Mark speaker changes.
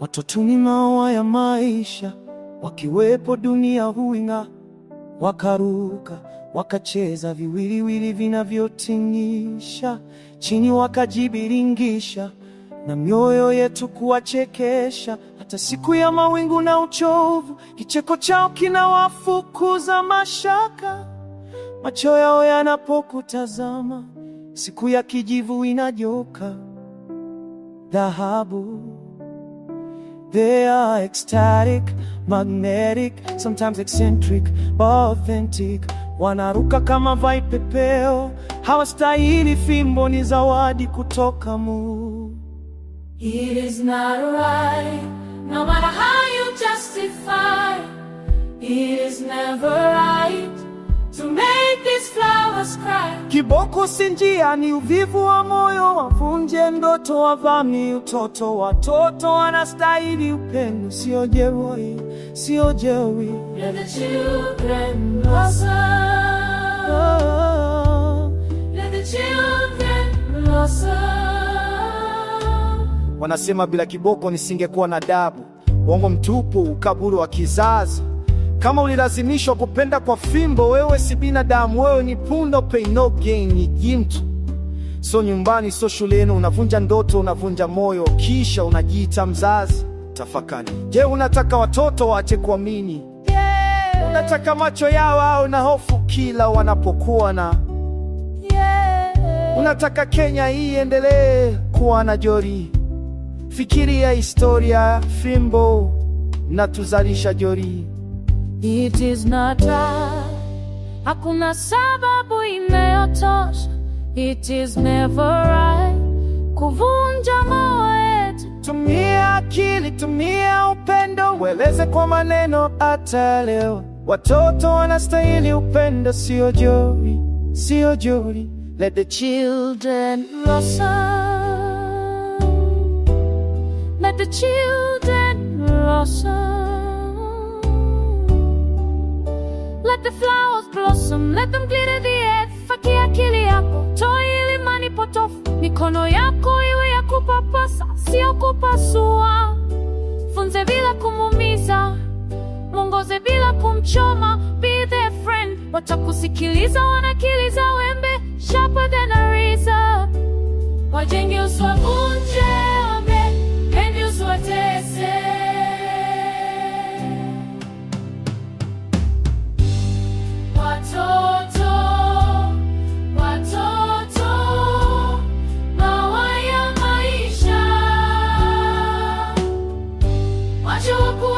Speaker 1: Watoto ni maua ya maisha, wakiwepo dunia huinga Wakaruka wakacheza viwiliwili vinavyotingisha, chini wakajibiringisha, na mioyo yetu kuwachekesha. Hata siku ya mawingu na uchovu, kicheko chao kinawafukuza mashaka. Macho yao yanapokutazama, siku ya kijivu inajoka dhahabu They are ecstatic, magnetic, sometimes eccentric, authentic. Wanaruka kama vipepeo, hawastahili fimbo, ni zawadi kutoka Mungu. Kiboko si njia, ni uvivu wa moyo. Wavunje ndoto, wavami utoto. Watoto wanastahili upendo, sio jeuri, sio jeuri.
Speaker 2: Ah.
Speaker 1: Wanasema bila kiboko nisingekuwa na dabu. Uongo mtupu, ukaburu wa kizazi kama ulilazimishwa kupenda kwa fimbo, wewe si binadamu, wewe ni punda. Pay no gain, ni jintu. So nyumbani, so shuleni, unavunja ndoto, unavunja moyo, kisha unajiita mzazi. Tafakari, je, unataka watoto waache kuamini? Yeah. Unataka macho yao au na hofu kila wanapokuwa na yeah. Unataka Kenya hii endelee kuwa na jori? Fikiria historia, fimbo na tuzalisha jori.
Speaker 2: It is not right. Hakuna sababu inayotosha. It is never right. Kuvunja moyo wetu.
Speaker 1: Tumia akili, tumia upendo, ueleze kwa maneno ataelewa. Watoto wanastahili upendo, sio jeuri, sio jeuri.
Speaker 2: Let the children blossom. Let the children blossom. Let the flowers blossom, let them glitter the earth. Fakia akili yako, toa ili mani potofu. Mikono yako iwe ya kupapasa, sio kupasua. Funze bila kumumiza, mungoze bila kumchoma. Be their friend, watakusikiliza wanakili za wembe, sharper than a razor. Wajenge uso Hoje o